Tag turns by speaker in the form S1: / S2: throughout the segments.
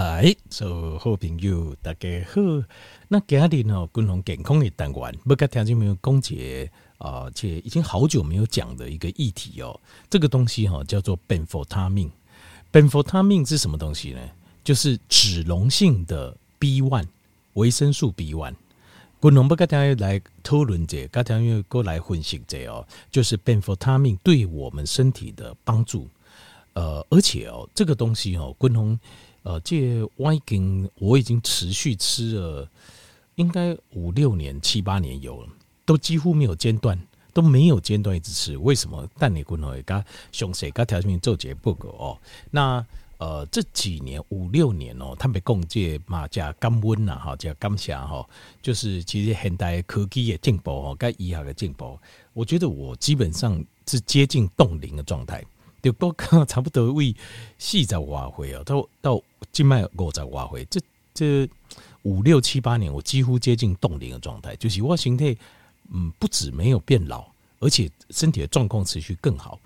S1: 哎，So 好朋友，大家好。那今天呢，共同健康的單元，不跟聽眾朋友講解啊，且已經好久沒有講的一個議題哦。這個東西哈，叫做苯福他命。苯福他命是什麼東西呢？就是脂溶性的 B one 維生素 B one。共同不跟大家來討論這，跟大家又過來分析這哦，就是苯福他命對我們身體的幫助。呃，而且哦，這個東西哦，共同。呃，這活性 B1 我，我已經持續吃了，應該五六年、七八年有了，都幾乎沒有間斷，都沒有間斷一直吃。為什麼？但你可能會家熊誰家條件做節目哦？那呃這幾年五六年哦，他們共這馬加降溫啦哈，加減下哈，就是其實現代科技的進步哦，加醫學的進步，我覺得我基本上是接近凍齡的狀態。就都靠差不多為，四十多歲啊，到到現在五十多歲。這這五六七八年，我幾乎接近凍齡的狀態。就是我形態，嗯，不止沒有變老，而且身體的狀況持續更好。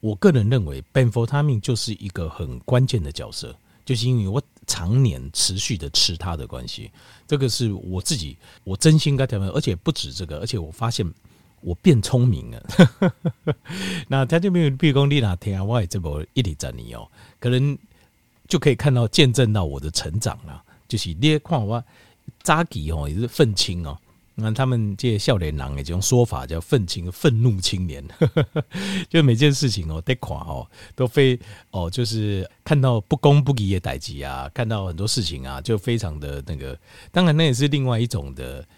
S1: 我個人認為 Benfotiamine 就是一個很關鍵的角色。就是因為我常年持續的吃它的關係，這個是我自己我真心該怎麼，而且不止這個，而且我發現。我變聰明了， 那他就沒有比如說你啊。我也這麼一直在你哦、喔，可能就可以看到、見證到我的成長了、啊。就是你看，我早期哦也是憤青哦、喔。那他們這些少年郎這種說法叫憤青、憤怒青年， 就每件事情哦、喔，得況哦、喔、都非哦、喔，就是看到不公不義的打擊啊，看到很多事情啊，就非常的那個。當然，那也是另外一種的。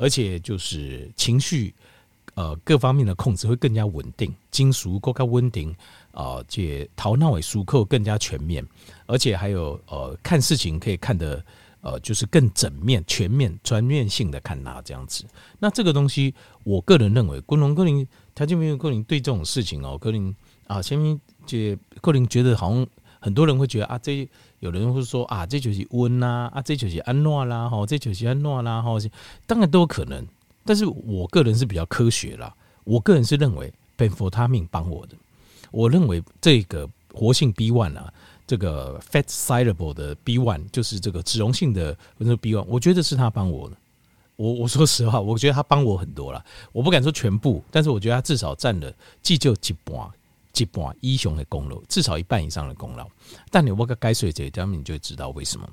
S1: 而且就是情緒，呃，各方面的控制會更加穩定，金屬、更加穩定啊，解頭腦也熟扣更加全面，而且還有呃，看事情可以看得呃，就是更整面、全面、全面性的看拿這樣子。那這個東西，我個人認為，郭龍、郭林、他就沒有郭林對這種事情哦，郭林啊，前面就郭林覺得好像。很多人會覺得啊，這有人會說啊，這就是溫啦，啊，這就是安諾啦，哈、啊，這就是安諾啦，哈、啊，當然都有可能。但是我個人是比較科學啦，我個人是認為苯福他命幫我的。我認為這個活性 B one 啊，這個 fat soluble 的 B one 就是這個脂溶性的那個 B one，我覺得是他幫我的。我我說實話，我覺得他幫我很多了，我不敢說全部，但是我覺得他至少佔了至少一半。一半英雄的功勞，至少一半以上的功勞。但你摸個該睡者，他們你就會知道為什麼。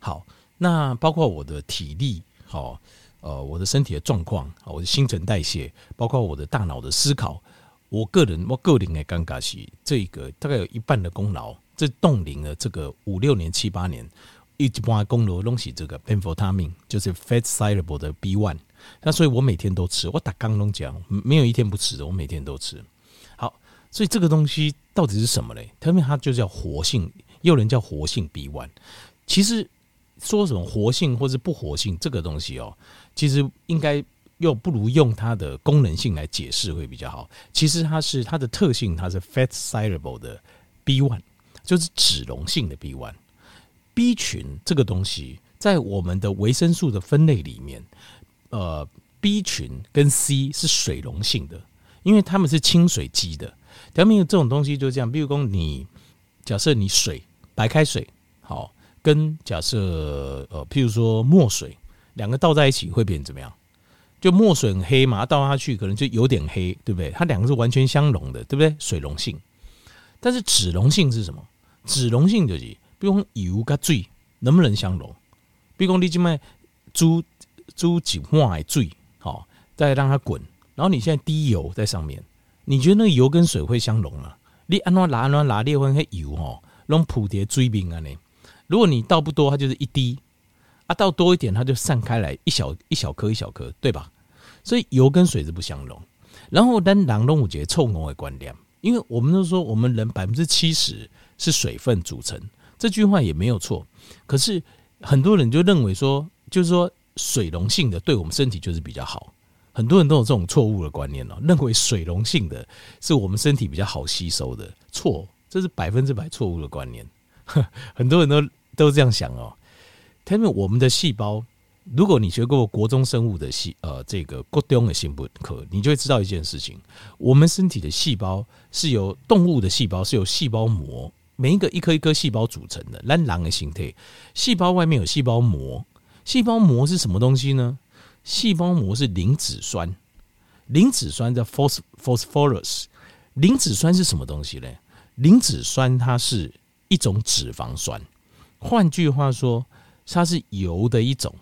S1: 好，那包括我的體力，好，呃，我的身體的狀況，我的新陳代謝，包括我的大腦的思考，我個人我個人的尷尬是這個大概有一半的功勞。這凍齡的這個五六年七八年，一半功勞攏是這個 benfotiamine 就是 fat soluble 的 B1，那所以我每天都吃。我打剛龍講，沒有一天不吃的，我每天都吃。所以這個東西到底是什麼嘞？特別它就叫活性，又能叫活性 B one。其實說什麼活性或是不活性這個東西哦、喔，其實應該又不如用它的功能性來解釋會比較好。其實它是它的特性，它是 fat soluble 的 B one，就是脂溶性的 B one。B 群這個東西在我們的維生素的分類裡面，呃，B 群跟 C 是水溶性的，因為它們是親水基的。表面這種東西就是這樣，比如講，你假設你水白開水好，跟假設呃，譬如說墨水兩個倒在一起會變怎麼樣？就墨水很黑嘛，倒下去可能就有點黑，對不對？它兩個是完全相融的，對不對？水溶性。但是脂溶性是什麼？脂溶性就是比如說油跟水，能不能相融？比如講，你今買煮煮頸末的水好，再讓它滾，然後你現在滴油在上面。你覺得那個油跟水會相融嗎？你按捺拿按捺拿，裂紋是油哦，用普蝶追兵啊你。如果你倒不多，它就是一滴；啊，倒多一點，它就散開來一，一小顆一小顆一小顆，對吧？所以油跟水是不相融。然後，但然龍五傑臭我觀點，因為我們都說我們人百分之七十是水分組成，這句話也沒有錯。可是很多人就認為說，就是說水溶性的對我們身體就是比較好。很多人都有這種錯誤的觀念哦，認為水溶性的是我們身體比較好吸收的。錯，這是百分之百錯誤的觀念呵。很多人都都這樣想哦。他們我們的細胞，如果你學過國中生物的細，呃，這個國中的生物科，你就會知道一件事情：我們身體的細胞是由動物的細胞是由細胞膜每一個一顆一顆細胞組成的，藍狼的形態。細胞外面有細胞膜，細胞膜是什麼東西呢？細胞膜是磷脂酸，磷脂酸叫 phosph p h o s p f o r u s 磷脂酸是什麼東西呢？磷脂酸它是一種脂肪酸，換句話說，它是油的一種。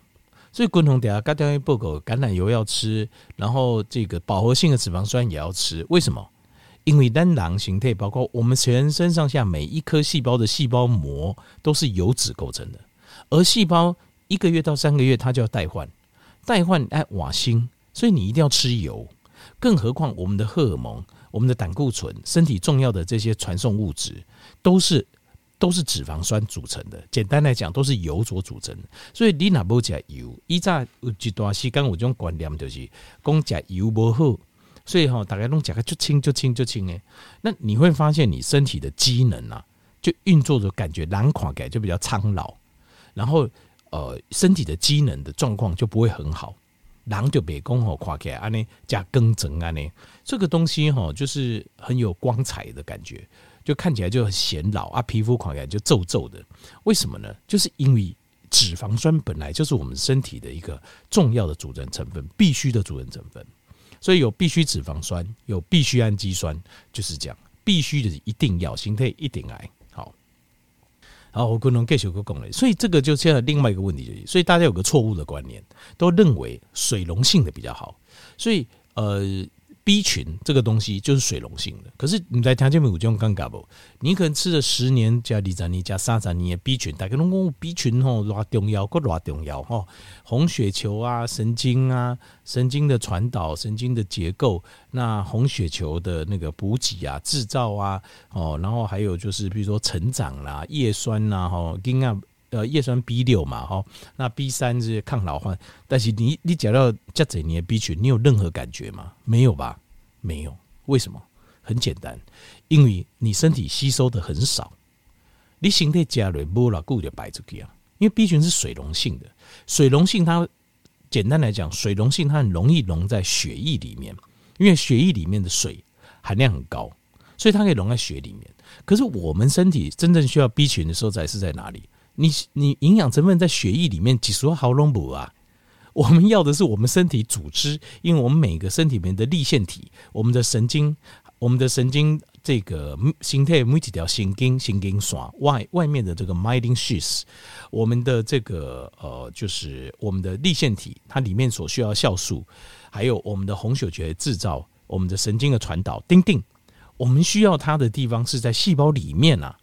S1: 所以，滾筒底下搞掉一包狗橄欖油要吃，然後這個飽和性的脂肪酸也要吃。為什麼？因為單囊形態包括我們全身上下每一顆細胞的細胞膜都是油脂構成的，而細胞一個月到三個月它就要代換。代換哎瓦鋅，所以你一定要吃油，更何況我們的荷爾蒙、我們的膽固醇、身體重要的這些傳送物質，都是都是脂肪酸組成的。簡單來講，都是油所組成的。所以你哪怕不吃油，以前有一段時間，有一種觀念就是說，吃油不好。所以大家弄起來就清就清就清，那你會發現，你身體的機能、啊、就運作的感覺難括感就比較蒼老，然後。呃，身體的機能的狀況就不會很好。狼就別供吼垮起來，安尼加更正安尼，這個東西吼就是很有光彩的感覺，就看起來就很顯老啊，皮膚垮起來就皺皺的。為什麼呢？就是因為脂肪酸本來就是我們身體的一個重要的組成成分，必須的組成成分。所以有必須脂肪酸，有必須氨基酸，就是這樣，必須的一定要，心態一定。來。然後可能吸收個功能，所以這個就牽扯另外一個問題，所以大家有個錯誤的觀念，都認為水溶性的比較好，所以呃。B 群這個東西就是水溶性的，可是你在台前面有這種尷尬不？你可能吃了十年加理膽尼加沙膽尼的 B 群，大家攏講 B 群吼，偌重要個偌重要吼，紅血球啊，神經啊，神經的傳導、神經的結構，那紅血球的那個補給啊、制造啊，哦，然後還有就是，比如說成長啦、葉酸吶，吼，跟啊。呃，葉酸 B 六嘛，哈，那 B 三是抗老化。但是你你講到這幾年的 B 群，你有任何感覺嗎？沒有吧？沒有。為什麼？很簡單，因為你身體吸收的很少。你身體加里不啦，故就擺出去啊。因為 B 群是水溶性的，水溶性它簡單來講，水溶性它很容易溶在血液裡面，因為血液裡面的水含量很高，所以它可以溶在血裡面。可是我們身體真正需要 B 群的時候是在哪裡？你你營養成分在血液裡面幾十萬毫隆補啊！我們要的是我們身體組織，因為我們每個身體裡面的粒線體，我們的神經，我們的神經這個形態每幾條神經，神經刷外外面的這個 myelin sheath，我們的這個呃就是我們的粒線體，它裡面所需要酵素。還有我們的紅血球的制造，我們的神經的傳導，釘釘，我們需要它的地方是在細胞裡面啊，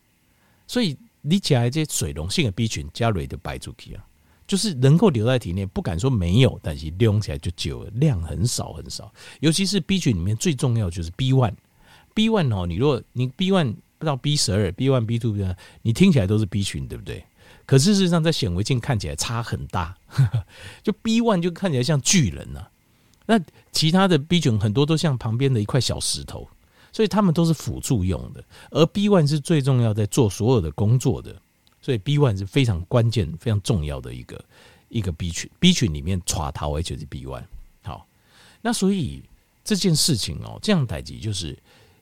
S1: 所以。你起來這些水溶性的 B 群，加蕊就排出去啊，就是能夠留在體內。不敢說沒有，但是利用起來就久，了，量很少很少。尤其是 B 群裡面最重要就是 B one，B one 哦，你如果你 B one 不知道 B 十二，B one B two 你聽起來都是 B 群，對不對？可事實上，在顯微鏡看起來差很大， 就 B one 就看起來像巨人呢、啊。那其他的 B 群很多都像旁邊的一塊小石頭。所以他們都是輔助用的，而 B1 是最重要在做所有的工作的，所以 B1 是非常關鍵、非常重要的一個一個 B 群。B 群裡面帶頭，完全是 B1。好，那所以這件事情哦、喔，這樣代級就是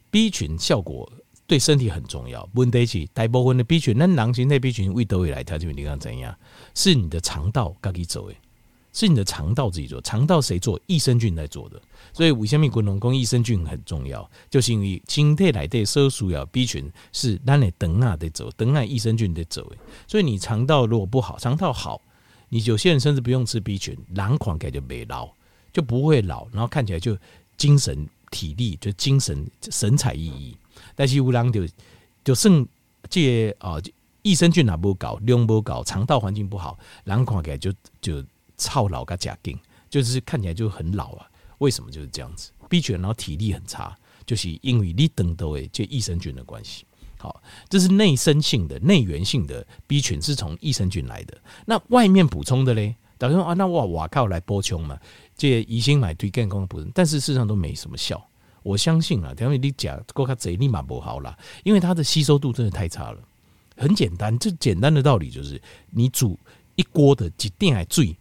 S1: B 群效果對身體很重要。問題是大部分的 B 群，那囊型，那 B 群為得未來它這邊力怎樣？是你的腸道剛一走誒。是你的腸道自己做，腸道誰做？益生菌在做的。所以五香面滾龍公益生菌很重要，就是因為清退來的色素要 B 群是讓你等啊得走，等啊益生菌得走。所以你腸道如果不好，腸道好，你有些人甚至不用吃 B 群，人看起來就沒老，就不會老，然後看起來就精神、體力就精神神采奕奕。但是有人就就剩這些啊，益生菌哪不夠，量不夠，腸道環境不好，人看起來就就。超老個假定，就是看起來就很老啊！為什麼就是這樣子？B 群然後體力很差，就是因為你等都誒，這益生菌的關係。好，這是內生性的、內源性的 B 群是從益生菌來的。那外面補充的嘞，等於說啊，那我我靠，來補充嘛，借一心買對健康補充，但是事實上都沒什麼效。我相信啊，等於你講，夠卡賊立馬不好啦，因為它的吸收度真的太差了。很簡單，這簡單的道理就是，你煮一鍋的幾錠海醉。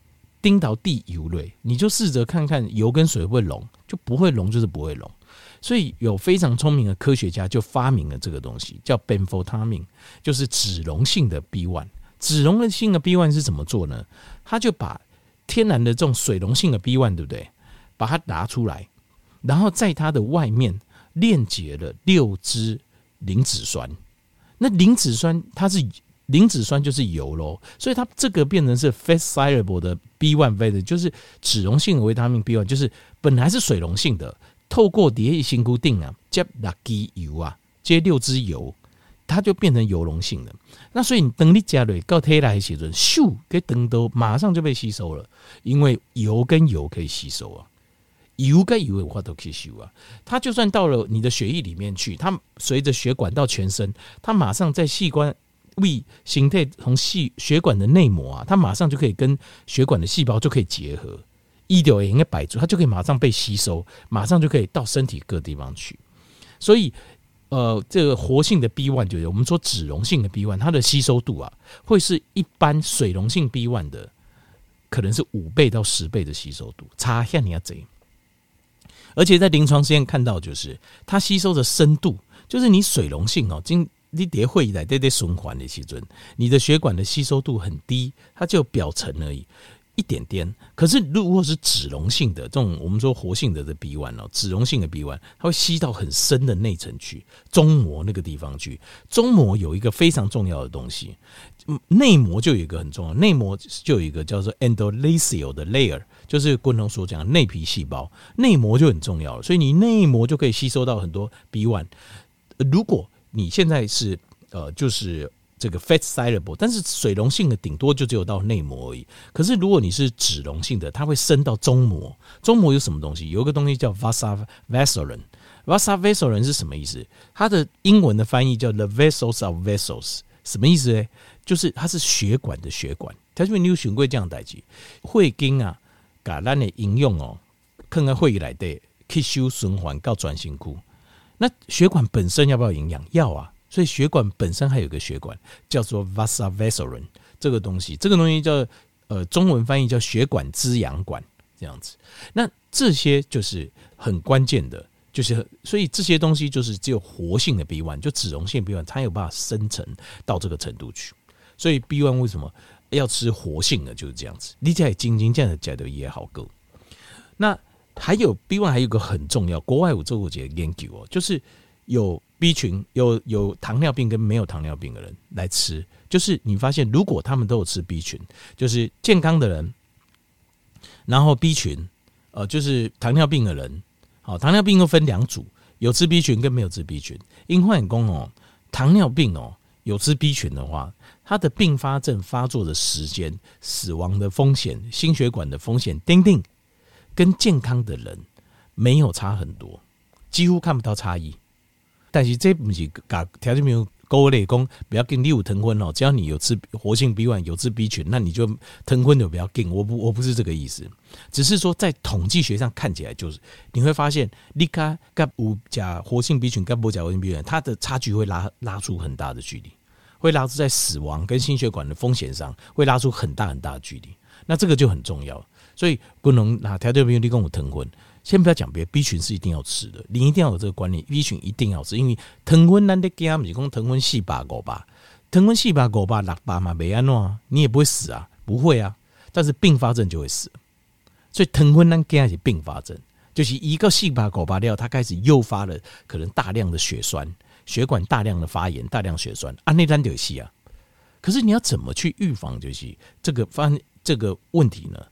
S1: 盯到地油類，你就試着看看油跟水會不會融？就不會融，就是不會融，所以有非常聰明的科學家就發明了這個東西，叫 benfotiamine，就是脂溶性的 b1。脂溶性的 b1 是怎麼做呢？他就把天然的這種水溶性的 b1，對不對？把它拿出來，然後在它的外面鏈接了六支磷脂酸。那磷脂酸它是？磷脂酸就是油嘍，所以它這個變成是 fat soluble 的 B one vitamin，就是脂溶性維他命 B one，就是本來是水溶性的，透過蝶異辛固定啊，接那幾油啊，接六支油，它就變成油溶性的。那所以你等你加了高鐵來寫準咻，給登到馬上就被吸收了，因為油跟油可以吸收啊，油跟油我話都可以吸收啊。它就算到了你的血液裡面去，它隨着血管到全身，它馬上在器官。為形態從細血管的內膜啊，它馬上就可以跟血管的細胞就可以結合，醫療也應該擺出，它就可以馬上被吸收，馬上就可以到身體各地方去。所以，呃，這個活性的 B 1就是，我們說脂溶性的 B 1，它的吸收度啊，會是一般水溶性 B 1的，可能是五倍到十倍的吸收度，差下你要怎樣？而且在臨床實驗看到，就是它吸收的深度，就是你水溶性哦、喔，經。你疊回來，這得循環的基準。你的血管的吸收度很低，它就表層而已，一點點。可是如果是脂溶性的這種，我們說活性的的 B1 哦，脂溶性的 B1，它會吸到很深的內層去，中膜那個地方去。中膜有一個非常重要的東西，內膜就有一個很重要，內膜就有一個叫做 endothelial 的 layer，就是共同所講的內皮細胞。內膜就很重要了，所以你內膜就可以吸收到很多 B1、呃、如果你現在是呃，就是這個 fat soluble，但是水溶性的頂多就只有到內膜而已。可是如果你是脂溶性的，它會升到中膜。中膜有什麼東西？有一個東西叫 vasa v a s o l u n vasa v a s o l u n 是什麼意思？它的英文的翻譯叫 the vessels of vessels，什麼意思呢？就是它是血管的血管。它這邊你有這樣台詞？會跟啊，搞的應用哦，看看會議來得吸收循環到轉型庫那血管本身要不要營養？要啊，所以血管本身還有一個血管叫做 vasa vasorum 這個東西，這個東西叫呃中文翻譯叫血管滋養管這樣子。那這些就是很關鍵的，就是所以這些東西就是只有活性的 B1 就脂溶性 B1 它有辦法生成到這個程度去。所以 B1 為什麼要吃活性的？就是這樣子，你在晶晶這樣子角度也好過。那。還有 B1 還有一個很重要，國外我做過幾個研究哦、喔，就是有 B 群有有糖尿病跟沒有糖尿病的人來吃，就是你發現如果他們都有吃 B 群，就是健康的人，然後 B 群，呃，就是糖尿病的人，好，糖尿病又分兩組，有吃 B 群跟沒有吃 B 群，因患工哦，糖尿病哦、喔，有吃 B 群的話，它的併發症發作的時間、死亡的風險、心血管的風險，叮叮。跟健康的人沒有差很多，幾乎看不到差異。但是這不是講條件沒有夠累功，不要緊，你有騰婚哦。只要你有吃活性 B1 有吃 B 群，那你就騰婚就不要緊。我不我不是這個意思，只是說在統計學上看起來就是你會發現，你開鈣五甲活性 B 群，跟五甲活性 B 群，它的差距會拉拉出很大的距離，會拉出在死亡跟心血管的風險上會拉出很大很大的距離。那這個就很重要。所以不能哪條條不溜的跟我糖尿，先不要講別的，B 群是一定要吃的，你一定要有這個觀念，B 群一定要吃，因為糖尿難得給阿不是說糖尿四百五百，糖尿四百五百六百嘛沒安怎，你也不會死啊，不會啊，但是併發症就會死，所以糖尿難給阿是併發症，就是一個四百五百了，它開始誘發了可能大量的血栓，血管大量的發炎，大量血栓，阿那單得事啊，可是你要怎麼去預防就是這個方這個問題呢？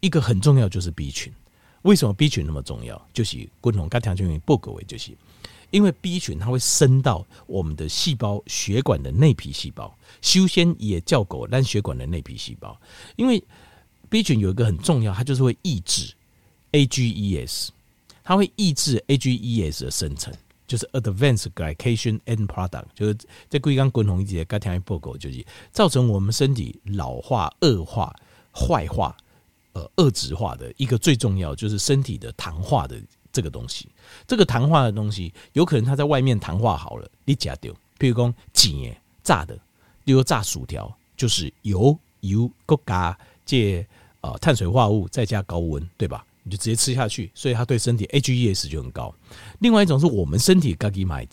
S1: 一個很重要就是 B 群，為什麼 B 群那麼重要？就是共同肝糖原聚就因為 B 群它會生到我們的細胞血管的內皮細胞，修仙也叫狗，但血管的內皮細胞，因為 B 群有一個很重要，它就是會抑制 AGEs，它會抑制 AGEs 的生成，就是 Advanced Glycation End Product，就是在硅鋼共同一些肝糖原聚就是造成我們身體老化、惡化、壞化。呃，二質化的一個最重要就是身體的糖化，的這個東西，這個糖化的東西，有可能它在外面糖化好了，你加掉，譬如講煎炸的，例如炸薯條，就是油油各家借呃碳水化合物再加高溫，對吧？你就直接吃下去，所以它對身體 H E S 就很高。另外一種是我們身體該給買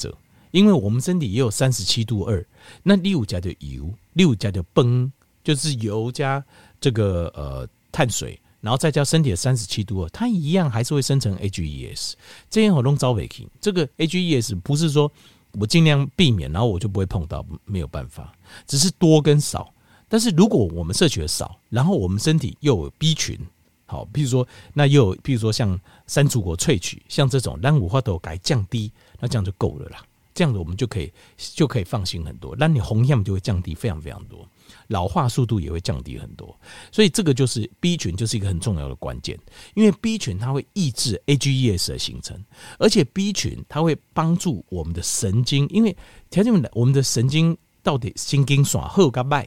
S1: 因為我們身體也有三十七度二，那六加的油，六加的崩，就是油加這個呃。碳水，然後再加身體的三十七度，它一樣還是會生成 AGEs，這樣活動遭 v i 這個 AGEs 不是說我盡量避免，然後我就不會碰到，沒有辦法，只是多跟少。但是如果我們攝取的少，然後我們身體又有 B 群，好，譬如說，那又有譬如說像山竹果萃取，像這種讓五花頭改降低，那這樣就夠了啦。這樣子我們就可以就可以放心很多，那你紅樣就會降低非常非常多。老化速度也會降低很多，所以這個就是 B 群，就是一個很重要的關鍵。因為 B 群它會抑制 AGEs 的形成，而且 B 群它會幫助我們的神經。因為田先我們的神經到底心經爽、後干脈，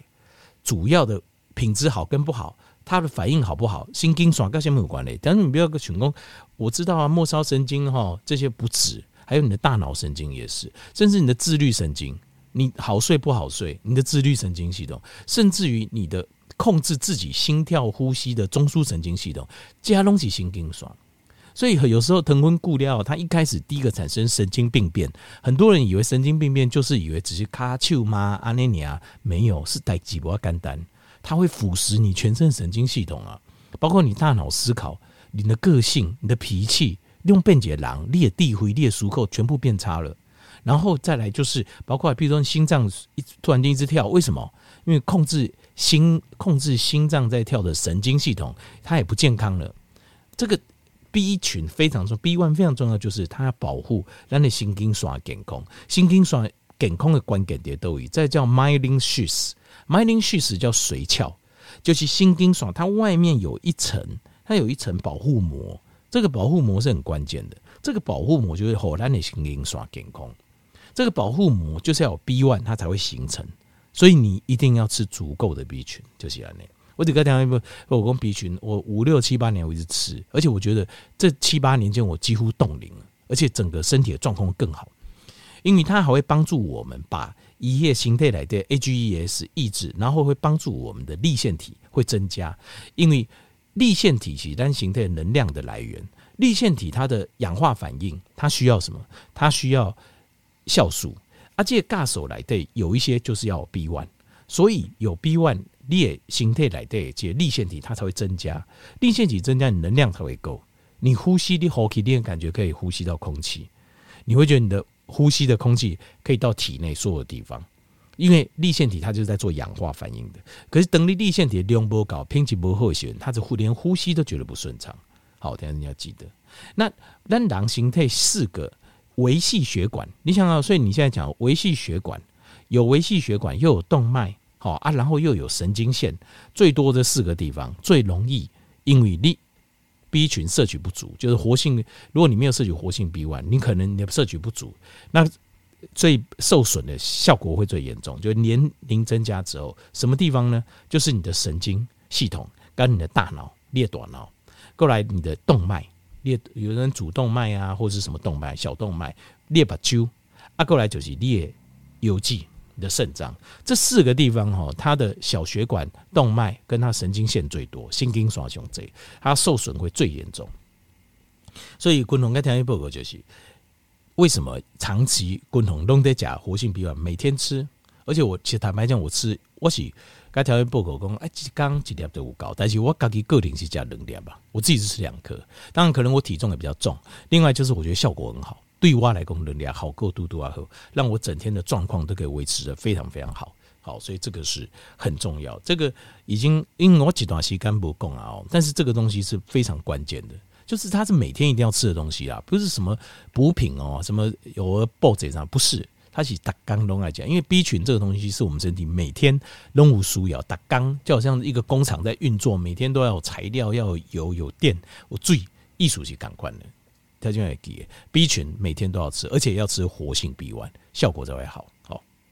S1: 主要的品質好跟不好，它的反應好不好，心經爽跟什麼有關嘞？當然，你不要個群工，我知道啊，末梢神經哈這些不止還有你的大腦神經也是，甚至你的自律神經。你好睡不好睡，你的自律神經系統，甚至於你的控制自己心跳、呼吸的中樞神經系統，這些東西神經衰。所以有時候疼溫固料，它一開始第一個產生神經病變。很多人以為神經病變就是以為只是卡丘嗎？阿尼尼啊，沒有，是代誌無簡單，它會腐蝕你全身神經系統啊，包括你大腦思考、你的個性、你的脾氣，你用變解狼、裂地灰、裂熟垢，全部變差了。然後再來就是包括，比如說心臟一突然間一直跳，為什麼？因為控制心控制心臟在跳的神經系統它也不健康了。這個 B 群非常重要，B one 非常重要，就是它要保護讓你心經爽健康。心經爽健康的關鍵點都有。再叫 myelin sheath，myelin sheath 叫髓鞘，就是心經爽它外面有一層，它有一層保護膜，這個保護膜是很關鍵的。這個保護膜就是吼讓你心經爽健康。這個保護膜就是要有 B1，它才會形成，所以你一定要吃足夠的 B 群，就是要那樣。我只跟大家說，我跟 B 群我，我五六七八年我一直吃，而且我覺得這七八年間我幾乎凍齡了，而且整個身體的狀況更好，因為它還會幫助我們把一葉形態來的 AGEs 抑制，然後會幫助我們的粒線體會增加，因為粒線體是單形態能量的來源，粒線體它的氧化反應它需要什麼？它需要。酵素啊，這下手來對，有一些就是要有 B1，所以有 B1 你的形態來對，這個、粒線體它才會增加，粒線體增加，你能量才會夠，你呼吸的呼吸，你感覺可以呼吸到空氣，你會覺得你的呼吸的空氣可以到體內所有的地方，因為粒線體它就是在做氧化反應的，可是等你粒線體的量不夠，品質不夠的時候，它連呼吸都覺得不順暢。好，等一下你要記得，那那狼形態四個。微細血管，你想到，所以你現在講微細血管，有微細血管，又有動脈，好啊，然後又有神經線，最多的四個地方，最容易，因為你 B 群攝取不足，就是活性，如果你沒有攝取活性 B one，你可能你的攝取不足，那最受損的效果會最嚴重。就年齡增加之後，什麼地方呢？就是你的神經系統，跟你的大腦、列朵腦，過來你的動脈。裂有人主動脈啊，或是什麼動脈、小動脈裂把揪，阿過來就是裂腰肌的腎臟，這四個地方哈，它的小血管動脈跟它神經線最多，心肌耍熊最，它受損會最嚴重。所以共同該聽一報告，就是為什麼長期共同弄得吃活性 B1，每天吃，而且我其實坦白講，我吃我是。該條件不口供，哎，一天一粒就有夠，但是我自己個人，是加能量吧，我自己是吃兩顆，當然可能我體重也比較重，另外就是我覺得效果很好，對於我來講能量好夠嘟嘟啊，好讓我整天的狀況都可以維持得非常非常好，好，所以這個是很重要，這個已經因為我一段時間不講了，但是這個東西是非常關鍵的，就是它是每天一定要吃的東西啊，不是什麼補品哦，什麼有暴嘴上不是。他是打綱龍來講，因為 B 群這個東西是我們身體每天都無疏要打綱，就好像一個工廠在運作，每天都要有材料，要有油有電，我最藝術性感官的，他就要給 B 群每天都要吃，而且要吃活性 B 1，效果才會好。